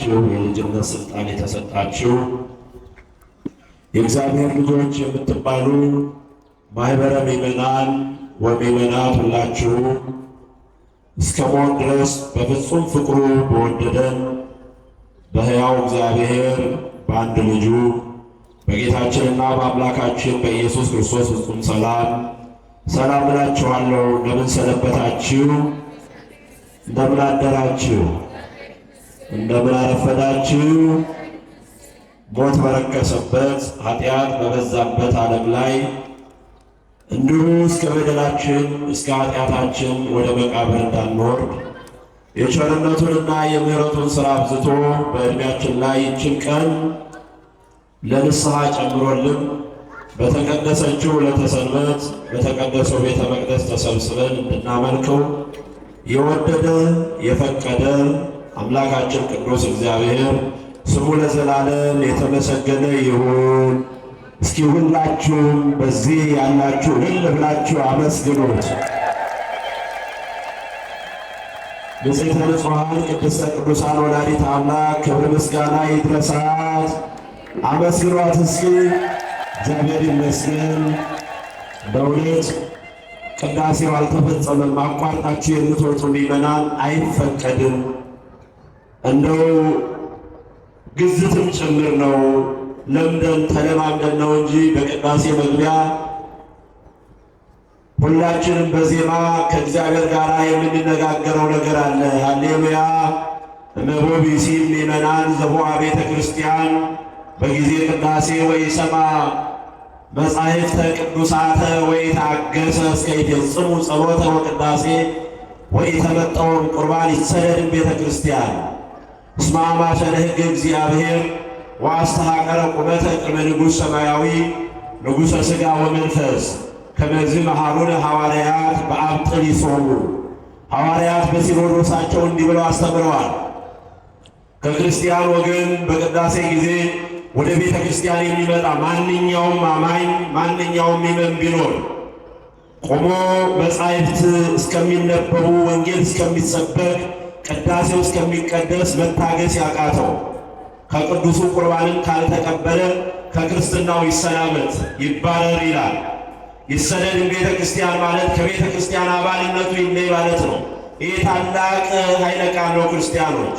ቸው የልጅነት ስልጣን የተሰጣችሁ የእግዚአብሔር ልጆች የምትባሉ ማኅበረ ምዕመናን ወምዕመናት ሁላችሁ እስከ ሞት ድረስ በፍጹም ፍቅሩ በወደደን በሕያው እግዚአብሔር በአንድ ልጁ በጌታችንና በአምላካችን በኢየሱስ ክርስቶስ ፍጹም ሰላም ሰላም እላችኋለሁ። እንደምን ሰነበታችሁ? እንደምን አደራችሁ? እንደምን አረፈዳችሁ። ሞት በረከሰበት ኃጢአት በበዛበት ዓለም ላይ እንዲሁ እስከ በደላችን እስከ ኃጢአታችን ወደ መቃብር እንዳንወርድ የቸርነቱንና የምሕረቱን ሥራ አብዝቶ በዕድሜያችን ላይ ይችን ቀን ለንስሐ ጨምሮልን በተቀደሰችው ለተሰንበት በተቀደሰው ቤተ መቅደስ ተሰብስበን እንድናመልከው የወደደ የፈቀደ አምላካችን ቅዱስ እግዚአብሔር ስሙ ለዘላለም የተመሰገነ ይሁን። እስኪ ሁላችሁም በዚህ ያላችሁ እልል ብላችሁ አመስግኑት። ብጽዕተ ንጹሐን ቅድስተ ቅዱሳን ወላዲት አምላክ ክብር ምስጋና ይድረሳት። አመስግኗት እስኪ። እግዚአብሔር ይመስገን። በእውነት ቅዳሴው አልተፈጸመም። አቋርጣችሁ የምትወጡ ምእመናን አይፈቀድም። እንደው ግዝትም ጭምር ነው። ለምደን ተለማምደን ነው እንጂ በቅዳሴ መግቢያ ሁላችንም በዜማ ከእግዚአብሔር ጋር የምንነጋገረው ነገር አለ። ሃሌሉያ እመቦቢሲ ምእመናን ዘቦአ ቤተ ክርስቲያን በጊዜ ቅዳሴ ሰማ መጻሕፍተ ቅዱሳተ ታገሰ እስከ ይፈጽሙ ጸሎተ ወቅዳሴ ተመጠውን ቁርባን ይሰደድን ቤተ ክርስቲያን እስመ አማሰለ ሕግ እግዚአብሔር ወአስተሐቀረ ቁመተ ቅድመ ንጉሥ ሰማያዊ ንጉሠ ሥጋ ወመንፈስ ከመዝ መሃሩነ ሐዋርያት በአብ ጥል ይጾሙ ሐዋርያት በሲኖዶሳቸው እንዲህ ብለው አስተምረዋል። ከክርስቲያን ወገን በቅዳሴ ጊዜ ወደ ቤተ ክርስቲያን የሚመጣ ማንኛውም አማኝ ማንኛውም ይመን ቢኖር ቆሞ መጻሕፍት እስከሚነበቡ ወንጌል እስከሚሰበክ ቅዳሴው እስከሚቀደስ መታገስ ያቃተው ከቅዱሱ ቁርባንን ካልተቀበለ ከክርስትናው ይሰናበት ይባረር ይላል። ይሰደድ ቤተ ክርስቲያን ማለት ከቤተ ክርስቲያን አባልነቱ ይለይ ማለት ነው። ይህ ታላቅ ኃይለ ቃል ነው። ክርስቲያኖች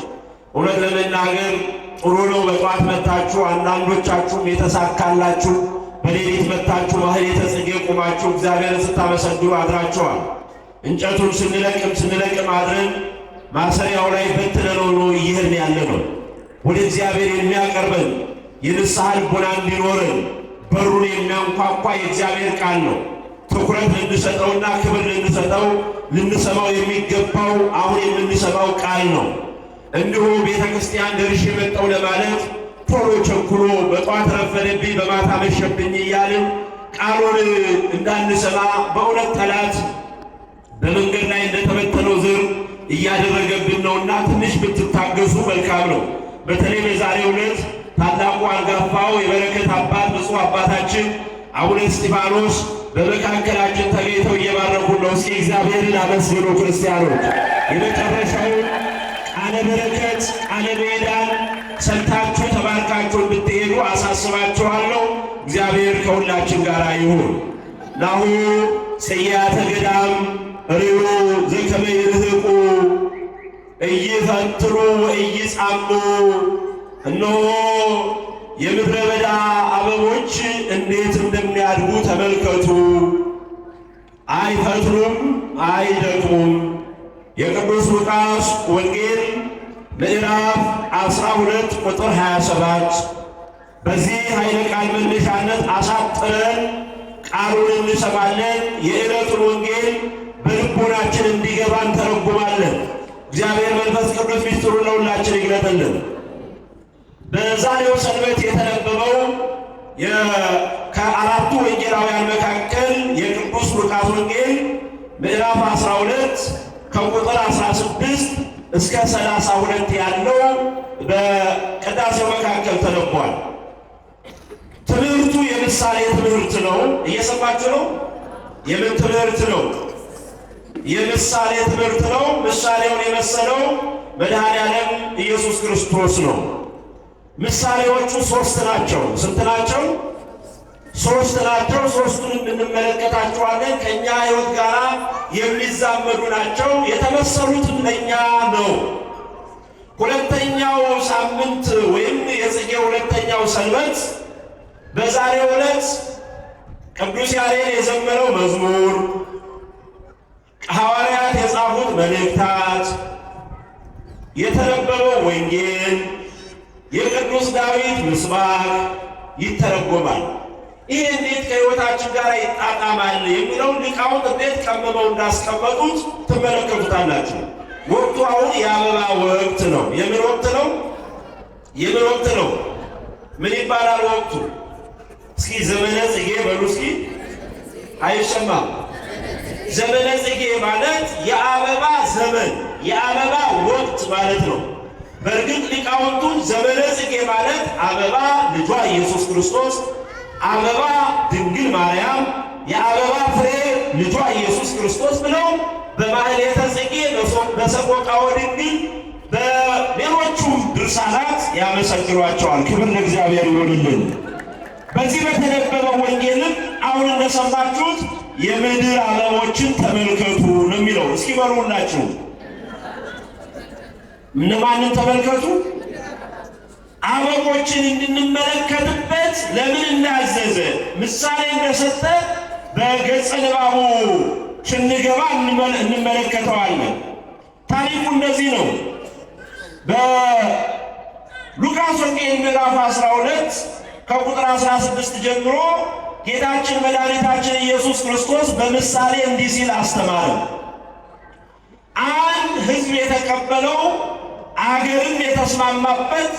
እውነት ለመናገር ጥሩ ነው። በጠዋት መታችሁ፣ አንዳንዶቻችሁም የተሳካላችሁ በሌሊት መታችሁ ባህል የተጽጌ ቁማችሁ እግዚአብሔርን ስታመሰግኑ አድራችኋል። እንጨቱን ስንለቅም ስንለቅም አድረን ማሰሪያው ላይ በትነን ሆኖ እየሄድን ያለ ነው። ወደ እግዚአብሔር የሚያቀርበን የንስሐ ልቦና እንዲኖረን በሩን የሚያንኳኳ የእግዚአብሔር ቃል ነው። ትኩረት ልንሰጠውና ክብር ልንሰጠው ልንሰማው የሚገባው አሁን የምንሰማው ቃል ነው። እንዲሁ ቤተ ክርስቲያን ደርሼ መጣሁ ለማለት ቶሎ ቸኩሎ በጠዋት ረፈደብኝ በማታ መሸብኝ እያልን ቃሉን እንዳንሰማ በእውነት ጠላት በመንገድ ላይ እንደተበተነው ዝር እያደረገብን ነውና ትንሽ ብትታገሱ መልካም ነው። በተለይ በዛሬው ዕለት ታላቁ አንጋፋው የበረከት አባት ብፁዕ አባታችን አቡነ እስጢፋኖስ በመካከላችን ተገኝተው እየባረኩ ነው። እስኪ እግዚአብሔርን አመስግኑ ክርስቲያኖች። የመጨረሻው ቃለ በረከት ቃለ ምዕዳን ሰምታችሁ ተባርካችሁ እንድትሄዱ አሳስባችኋለሁ። እግዚአብሔር ከሁላችን ጋር ይሁን። ናሁ ስያተ ገዳም ርእዩ ዘከመ እይፈንትሩ ወእይጻሙ እነሆ የምድረ በዳ አበቦች እንዴት እንደሚያድጉ ተመልከቱ። አይፈትሉም፣ አይደክሙም። የቅዱስ ሉቃስ ወንጌል ምዕራፍ 12 ቁጥር 27። በዚህ ኃይለ ቃል መነሻነት አሳጥረን ቃሉን እንሰማለን። የዕለቱን ወንጌል በልቦናችን እንዲገባን ተረጉማ እግዚአብሔር መንፈስ ቅዱስ ነው ለሁላችን ይግለጥልን። በዛሬው ሰንበት የተነበበው ከአራቱ ወንጌላውያን መካከል የቅዱስ ሉቃስ ወንጌል ምዕራፍ 12 ከቁጥር 16 እስከ 32 ያለው በቅዳሴው መካከል ተነቧል። ትምህርቱ የምሳሌ ትምህርት ነው። እየሰማችሁ ነው። የምን ትምህርት ነው? የምሳሌ ትምህርት ነው። ምሳሌውን የመሰለው መድኃኔ ዓለም ኢየሱስ ክርስቶስ ነው። ምሳሌዎቹ ሶስት ናቸው። ስንት ናቸው? ሶስት ናቸው። ሶስቱንም እንመለከታቸዋለን። ከእኛ ሕይወት ጋር የሚዛመዱ ናቸው። የተመሰሉትም ለእኛ ነው። ሁለተኛው ሳምንት ወይም የጽጌ ሁለተኛው ሰንበት በዛሬው ዕለት ቅዱስ ያሬድ የዘመረው መዝሙር ሐዋርያት የጻፉት መልእክታት፣ የተነበበው ወንጌል፣ የቅዱስ ዳዊት ምስባክ ይተረጎማል። ይህ እንዴት ከሕይወታችን ጋር ይጣጣማል የሚለውን ሊቃውንት እንዴት ቀምመው እንዳስቀመጡት ትመለከቱታላችሁ። ወቅቱ አሁን የአበባ ወቅት ነው። የምን ወቅት ነው? የምን ወቅት ነው? ምን ይባላል ወቅቱ? እስኪ ዘመነ ጽጌ በሉ እስኪ። አይሰማም ዘመነ ጽጌ ማለት የአበባ ዘመን የአበባ ወቅት ማለት ነው። በእርግጥ ሊቃውንቱ ዘመነ ጽጌ ማለት አበባ ልጇ ኢየሱስ ክርስቶስ፣ አበባ ድንግል ማርያም፣ የአበባ ፍሬ ልጇ ኢየሱስ ክርስቶስ ብለው በማህሌተ ጽጌ በሰቆቃወ ድንግል በሌሎቹም ድርሳናት ያመሰግሯቸዋል። ክብር ለእግዚአብሔር ይሆንልን። በዚህ በተነበበው ወንጌልም አሁን እንደሰማችሁት የምድር ዓለሞችን ተመልከቱ ነው የሚለው። እስኪ በሩላችሁ እነማንን ተመልከቱ? አበቦችን እንድንመለከትበት ለምን እናዘዘ ምሳሌ እንደሰጠ በገጸ ንባቡ ስንገባ እንመለከተዋለን። ታሪኩ እንደዚህ ነው። በሉቃስ ወንጌል ምዕራፍ 12 ከቁጥር 16 ጀምሮ ጌታችን መድኃኒታችን ኢየሱስ ክርስቶስ በምሳሌ እንዲህ ሲል አስተማረ። አንድ ሕዝብ የተቀበለው አገርም የተስማማበት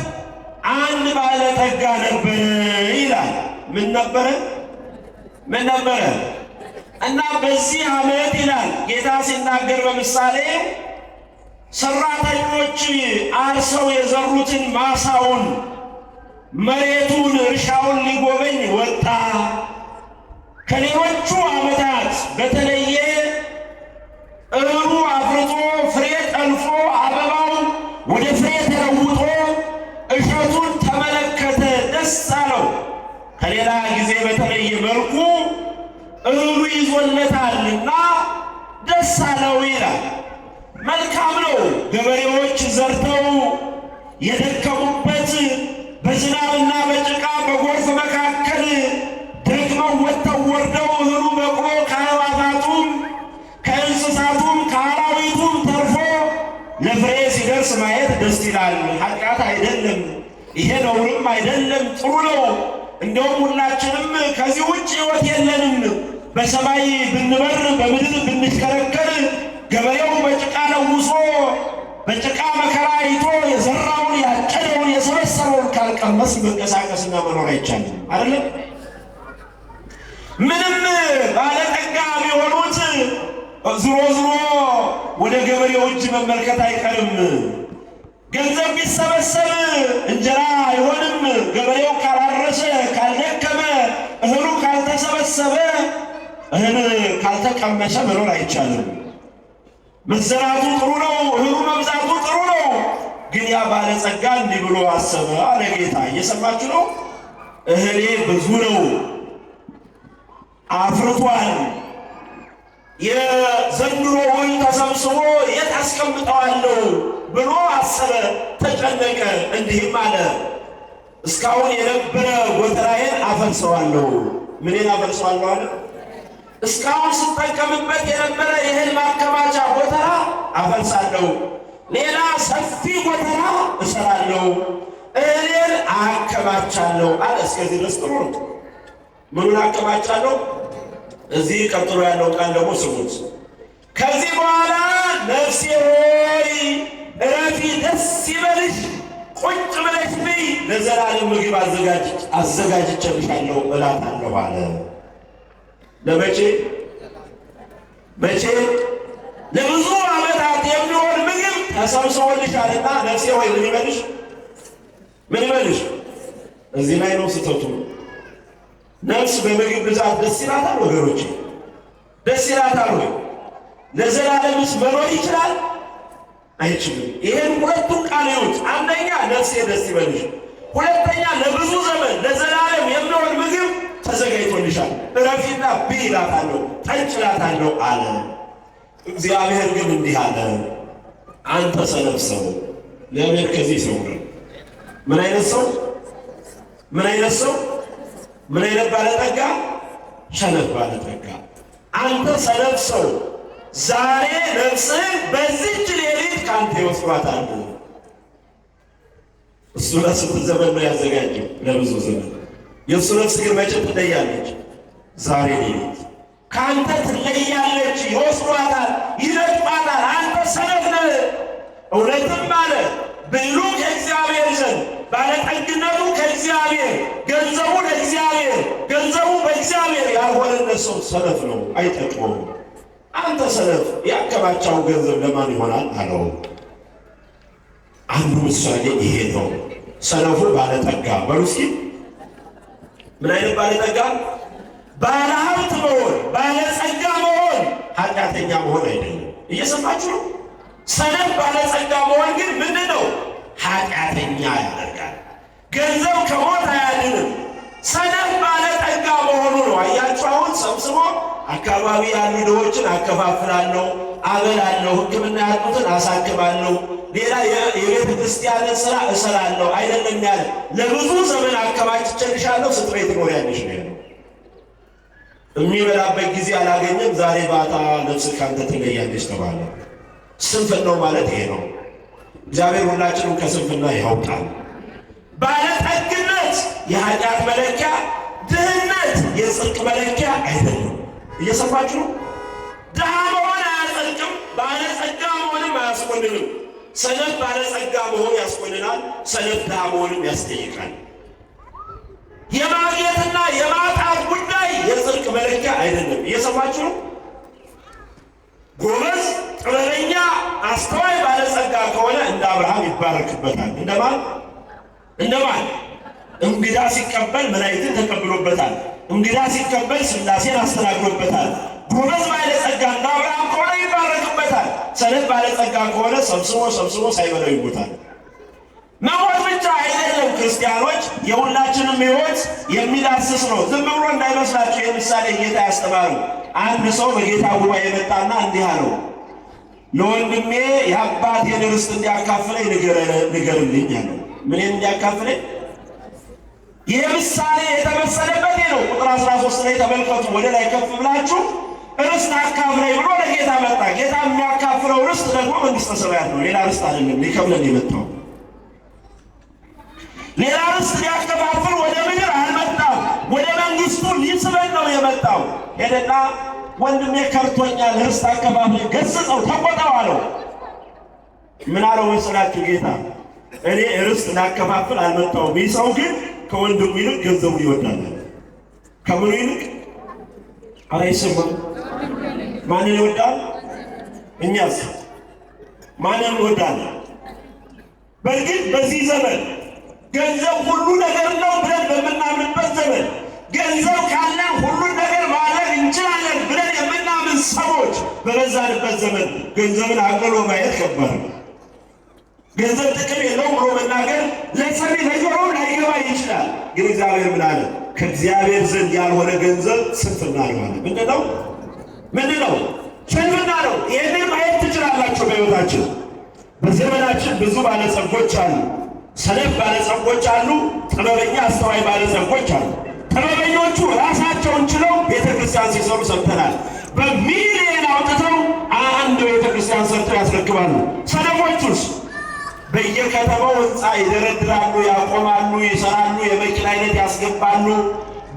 አንድ ባለጠጋ ነበረ ይላል። ምን ነበረ? ምን ነበረ? እና በዚህ ዓመት ይላል ጌታ ሲናገር በምሳሌ ሰራተኞች አርሰው የዘሩትን ማሳውን፣ መሬቱን፣ እርሻው ከሌሎቹ ዓመታት በተለየ እህሉ አፍርቶ ፍሬ ጠልፎ አበባው ወደ ፍሬ ተለውጦ እሸቱን ተመለከተ፣ ደስ አለው። ከሌላ ጊዜ በተለየ መልኩ እህሉ ይዞለታልና ደስ አለው ይላል። መልካም ነው። ገበሬዎች ዘርተው የደከ በቅሎ ከእባባቱም ከእንስሳቱም ከአራዊቱም ተርፎ ለፍሬ ሲደርስ ማየት ደስ ይላል። ኃጢአት አይደለም፣ ይሄ ነውርም አይደለም፣ ጥሩ ነው። እንደውም ሁላችንም ከዚህ ውጭ ሕይወት የለንም። በሰማይ ብንበር በምድር ብንሽከረከር ገበሬው በጭቃ ለውሶ በጭቃ መከራ አይቶ የዘራውን ያጨደውን የሰበሰበውን ካልቀመስ መንቀሳቀስና መኖር አይቻልም አይደለም። ምንም ባለጠጋ የሆኑት ዝሮ ዝሮ ወደ ገበሬው እጅ መመልከት አይቀርም። ገንዘብ ቢሰበሰብ እንጀራ አይሆንም። ገበሬው ካላረሰ፣ ካልደከመ፣ እህሉ ካልተሰበሰበ፣ እህል ካልተቀመሰ መኖር አይቻልም። መዘራቱ ጥሩ ነው፣ እህሉ መብዛቱ ጥሩ ነው። ግን ያ ባለጸጋ እንዲህ ብሎ አሰበ አለ ጌታ። እየሰማችሁ ነው። እህሌ ብዙ ነው አፍርቷል። የዘንድሮውን ተሰብስቦ የት አስቀምጠዋለሁ ብሎ አሰበ፣ ተጨነቀ። እንዲህም አለ እስካሁን የነበረ ጎተራዬን አፈልሰዋለሁ። ምንን አፈልሰዋለሁ አለ? እስካሁን ስጠቀምበት የነበረ የእህል ማከማቻ ጎተራ አፈልሳለሁ፣ ሌላ ሰፊ ጎተራ እሰራለሁ፣ እህሌን አከማቻለሁ አለ። እስከዚህ ድረስ ጥሩ ነው። ምኑን አቀማጫለሁ? እዚህ ቀጥሎ ያለው ቃል ደግሞ ስሙት። ከዚህ በኋላ ነፍሴ ሆይ እረፊ፣ ደስ ይበልሽ፣ ቁጭ ብለሽ ብይ፣ ለዘላለም ምግብ አዘጋጅቼልሻለሁ እላታለሁ አለ። ለመቼ መቼ? ለብዙ ዓመታት የሚሆን ምግብ ተሰብስቦልሻልና ነፍሴ ሆይ ምን ይበልሽ? ምን ይበልሽ? እዚህ ላይ ነው ስተቱ ነፍስ በምግብ ብዛት ደስ ይላታል? ወገኖች ደስ ይላታል ወይ? ለዘላለምስ መኖር ይችላል? አይችልም። ይሄን ሁለቱን ቃል ይዩት። አንደኛ ነፍሴ ደስ ይበልሽ፣ ሁለተኛ ለብዙ ዘመን ለዘላለም የሚሆን ምግብ ተዘጋጅቶልሻል። እረፊና ብይ እላታለሁ፣ ጠጭ እላታለሁ አለ። እግዚአብሔር ግን እንዲህ አለ፣ አንተ ሰነፍ ሰው። እግዚአብሔር ከዚህ ሰው ምን አይነት ሰው? ምን አይነት ሰው ምን አይነት ባለጠጋ? ሸነፍ ባለጠጋ። አንተ ሰነፍ ሰው ዛሬ ነፍስህ በዚች ሌሊት ከአንተ ይወስዷታል። እሱ ለስንት ዘመን ነው ያዘጋጀው? ለብዙ ዘመን። የእሱ ነፍስ ግን መቼ ትለያለች? ዛሬ ሌሊት ከአንተ ትለያለች። ይወስዷታል፣ ይረግጧታል። አንተ ሰነፍ ነህ። እውነትም አለ ብሉ ከእግዚአብሔር ዘንድ ባለጠግነቱ ከእግዚአብሔር ገንዘቡ ለእግዚ ገንዘቡ በእግዚአብሔር ያልሆነነ ሰው ሰነፍ ነው፣ አይጠቅመውም። አንተ ሰነፍ ያከማቻው ገንዘብ ለማን ይሆናል አለው። አንዱ ምሳሌ ይሄ ነው። ሰነፉ ባለጠጋ በሩሲ ምን አይነት ባለጠጋ? ባለሀብት መሆን ባለጸጋ መሆን ኃጢአተኛ መሆን አይደለም። እየሰማችሁ ነው። ሰነፍ ባለጸጋ መሆን ግን ምንድን ነው? ኃጢአተኛ ያደርጋል። ገንዘብ ከሆነ አካባቢ ያሉ ድሆችን አከፋፍላለሁ፣ አበላለሁ፣ ሕክምና ያጡትን አሳክማለሁ፣ ሌላ የቤተ ክርስቲያንን ስራ እሰራለሁ። አይደለም ያለ ለብዙ ዘመን አከማችቼልሻለሁ፣ ኖር ያለሽ ነው ያለው። የሚበላበት ጊዜ አላገኘም። ዛሬ ባታ ልብስ ካንተ ትለያለች ተባለ። ስንፍናው ማለት ይሄ ነው። እግዚአብሔር ሁላችንም ከስንፍና ያውጣል። ባለጠግነት የኃጢአት መለኪያ፣ ድህነት የጽድቅ መለኪያ አይደለም። እየሰማችሁ ነው። ድሃ መሆን አያጸድቅም፣ ባለጸጋ መሆንም አያስቆንንም ሰነፍ ባለጸጋ መሆን ያስቆንናል ሰነፍ ድሃ መሆንም ያስጠይቃል። የማግኘትና የማጣት ጉዳይ የጽድቅ መለኪያ አይደለም። እየሰማችሁ ነው። ጎበዝ፣ ጥበበኛ፣ አስተዋይ ባለጸጋ ከሆነ እንደ አብርሃም ይባረክበታል። እንደማን እንደማን እንግዳ ሲቀበል መላእክትን ተቀብሎበታል። እንግዳ ሲቀበል ስላሴን አስተናግዶበታል። ጎበዝ ባለጸጋና አብርሃም ከሆነ ይባረክበታል። ሰነፍ ባለጸጋ ከሆነ ሰብስቦ ሰብስቦ ሳይበለው ይሞታል። መሞት ብቻ አይደለም ክርስቲያኖች፣ የሁላችንም ሕይወት የሚዳስስ ነው። ዝም ብሎ እንዳይመስላቸው የምሳሌ ጌታ ያስተማሩ። አንድ ሰው በጌታ ጉባኤ የመጣና እንዲህ አለው፣ ለወንድሜ የአባቴን ርስት እንዲያካፍለኝ ንገርልኝ አለው። ምን እንዲያካፍለኝ ይህ ምሳሌ የተመሰለበት ነው። ቁጥር አስራ ሶስት ላይ ተመልከቱ። ወደ ላይ ከፍ ብላችሁ ርስት አካፍለኝ ብሎ ለጌታ መጣ። ጌታ የሚያካፍለው ርስት ደግሞ መንግስተ ሰማያት ነው። ሌላ ርስት አይደለም ሊከብለን የመጣው። ሌላ ርስት ሊያከፋፍል ወደ ምድር አልመጣም። ወደ መንግስቱ ሊስበን ነው የመጣው። ሄደና ወንድሜ ከርቶኛል፣ ርስት አከፋፍል ገጽጸው ተቆጠው አለው። ምን አለው መሰላችሁ ጌታ? እኔ ርስት ላከፋፍል አልመጣሁም። ይህ ሰው ግን ከወንድሙ ይልቅ ገንዘቡ ይወዳል። ከምኑ ይልቅ አረ ይስማ ማንን ይወዳል? እኛስ ማንን ይወዳል? በእርግጥ በዚህ ዘመን ገንዘብ ሁሉ ነገር ነው ብለን በምናምንበት ዘመን ገንዘብ ካለን ሁሉን ነገር ማድረግ እንችላለን ብለን የምናምን ሰዎች በበዛንበት ዘመን ገንዘብን አቅሎ ማየት ከባድ ነው። ገንዘብ ጥቅም የለውም ብሎ መናገር ለሰሜ ለጆሮም ላይገባ ይችላል። ግን እግዚአብሔር ምን አለ? ከእግዚአብሔር ዘንድ ያልሆነ ገንዘብ ስንፍና ይሆነ ምንድን ነው? ምንድን ነው? ስንፍና ነው። ይህንን ማየት ትችላላቸው። በሕይወታችን በዘመናችን ብዙ ባለጸጎች አሉ። ሰነፍ ባለጸጎች አሉ። ጥበበኛ አስተዋይ ባለጸጎች አሉ። ጥበበኞቹ ራሳቸውን ችለው ቤተ ክርስቲያን ሲሰሩ ሰምተናል። በሚሊየን አውጥተው አንድ ቤተ ክርስቲያን ሰርተው ያስረክባሉ። ሰነፎቹስ በየከተማው ህንፃ ይደረድራሉ፣ ያቆማሉ፣ ይሰራሉ፣ የመኪና አይነት ያስገባሉ፣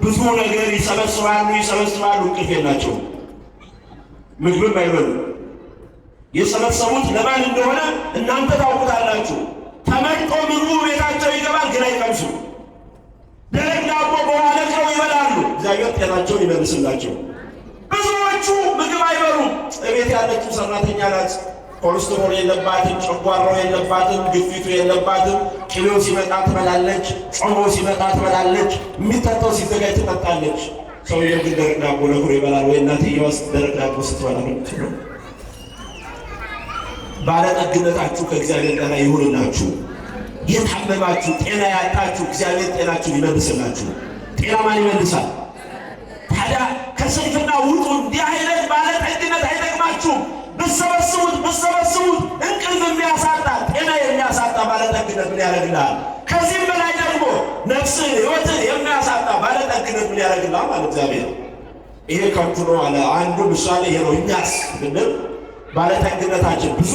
ብዙ ነገር ይሰበስባሉ ይሰበስባሉ። እንቅልፍ የላቸው፣ ምግብም አይበሉ። የሰበሰቡት ለማን እንደሆነ እናንተ ታውቁታላችሁ። ተመርጦ ምግቡ ቤታቸው ይገባል፣ ግን አይቀምሱ። ደረቅ ዳቦ በኋላ ይበላሉ። እግዚአብሔር ጤናቸውን ይመልስላቸው። ብዙዎቹ ምግብ አይበሉም። እቤት ያለችው ሰራተኛ ናት። ኮሌስትሮል የለባትም፣ ጨጓሮ የለባትም፣ ግፊቱ የለባትም። ቅቤው ሲመጣ ትበላለች፣ ጾሞ ሲመጣ ትበላለች፣ የሚጠጣው ሲዘጋጅ ትጠጣለች። ሰውየው ግን ደረቅ ዳቦ ነግሮ ይበላል። ወይ እናትየዋስ ደረቅ ዳቦ ስትበላ ነው። ባለጠግነታችሁ ከእግዚአብሔር ጋር ይሁንላችሁ። የታመማችሁ ጤና ያጣችሁ እግዚአብሔር ጤናችሁን ይመልስላችሁ። ጤና ማን ይመልሳል? ታዲያ ከስንፍና ውጡ። እንዲህ አይነት ባለጠግነት አይጠቅማችሁም። ብሰበስ የሚያሳጣ ባለጠግነት ምን ያደርግልሃል? ከዚህም በላይ ደግሞ ነፍስን ህይወትን የሚያሳጣ ባለጠግነት ምን ያደርግልሃል? ማለት እግዚአብሔር ይሄ ከንቱ ነው አለ። አንዱ ምሳሌ ይሄ ነው። እኛስ ብንል ባለጠግነታችን ብዙ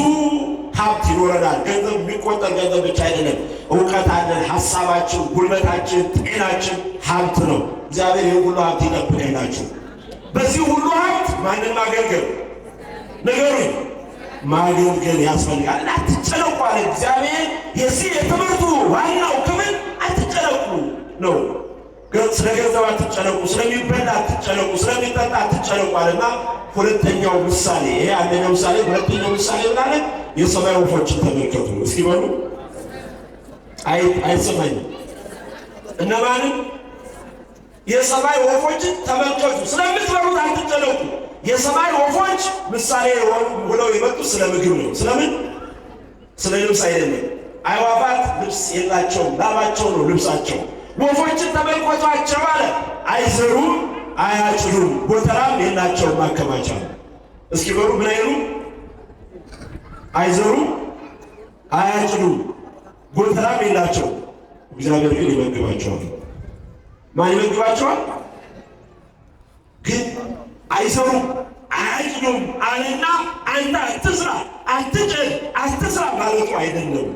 ሀብት ይኖረናል። ገንዘብ የሚቆጠር ገንዘብ ብቻ አይደለም። እውቀት አለን፣ ሀሳባችን፣ ጉልበታችን፣ ጤናችን ሀብት ነው። እግዚአብሔር ይህ ሁሉ ሀብት ይጠብቀናችሁ። በዚህ ሁሉ ሀብት ማንን ማገልገል ነገሩኝ ማገልገል ያስፈልጋል። እና አትጨነቁ አለ እግዚአብሔር። የዚህ የትምህርቱ ዋናው ክፍል አትጨነቁ ነው። ስለ ገንዘብ አትጨነቁ፣ ስለሚበላ አትጨነቁ፣ ስለሚጠጣ አትጨነቁ አለና ሁለተኛው ምሳሌ ይሄ አንደኛው ምሳሌ፣ ሁለተኛው ምሳሌ ምናለ የሰማይ ወፎችን ተመልከቱ እስኪ በሉ። አይሰማኝም እነማንም የሰማይ ወፎችን ተመልከቱ፣ ስለምትበሉት አትጨነቁ የሰማይ ወፎች ምሳሌ ብለው የመጡት ስለ ምግብ ነው። ስለምን? ስለ ልብስ አይደለም። አይዋፋት ልብስ የላቸውም፣ ላባቸው ነው ልብሳቸው። ወፎችን ተመልከቷቸው አለ። አይዘሩም፣ አያጭዱም፣ ጎተራም የላቸውም ማከማቻ እስኪ በሩ ምን አይሉ አይዘሩም፣ አያጭዱም፣ ጎተራም የላቸው። እግዚአብሔር ግን ይመግባቸዋል። ማን ይመግባቸዋል ግን አይሰሩም፣ አያጭዱም አለና አንተ አትስራ፣ አትጭድ፣ አትስራ ማለቱ አይደለም።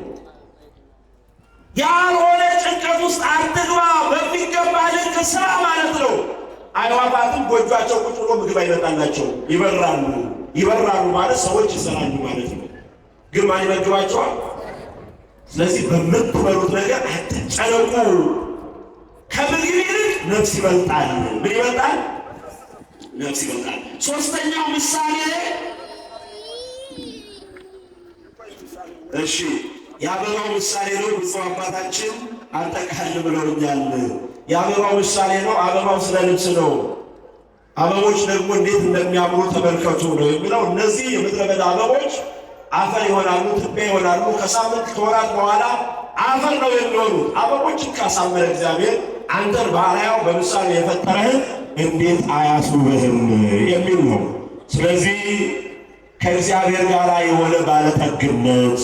ያልሆነ ጭንቀት ውስጥ አትግባ፣ በሚገባ ልክ ስራ ማለት ነው። አይዋፋትም ጎጇቸው ቁጭ ብሎ ምግብ አይመጣላቸው፣ ይበራሉ። ይበራሉ ማለት ሰዎች ይሰራሉ ማለት ነው። ግን ማን ይመግባቸዋል? ስለዚህ በምትበሉት ነገር አትጨነቁ። ከምግብ ይልቅ ነፍስ ይበልጣል። ምን ይበልጣል? ነፍስ ይበልጣል። ሶስተኛው ምሳሌ እሺ የአበባው ምሳሌ ነው። ብፁዕ አባታችን አጠቃል ብለውኛል። የአበባው ምሳሌ ነው። አበባው ስለ ልብስ ነው። አበቦች ደግሞ እንዴት እንደሚያምሩ ተመልከቱ ነው የሚለው። እነዚህ የምድረ በዳ አበቦች አፈር ይሆናሉ፣ ትቢያ ይሆናሉ። ከሳምንት ከወራት በኋላ አፈር ነው የሚሆኑት። አበቦችን ካሳመረ እግዚአብሔር አንተን በአርአያው በምሳሌ የፈጠረህን እንዴት አያስውብህም የሚል ነው። ስለዚህ ከእግዚአብሔር ጋር የሆነ ባለጠግነት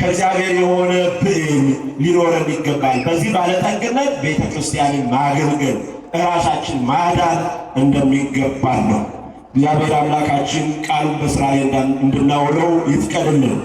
ከእግዚአብሔር የሆነ ብዕል ሊኖረን ይገባል። በዚህ ባለጠግነት ቤተ ክርስቲያንን ማገልገል እራሳችን ማዳን እንደሚገባል ነው። እግዚአብሔር አምላካችን ቃሉን በስራ ላይ እንድናውለው ይፍቀድልን።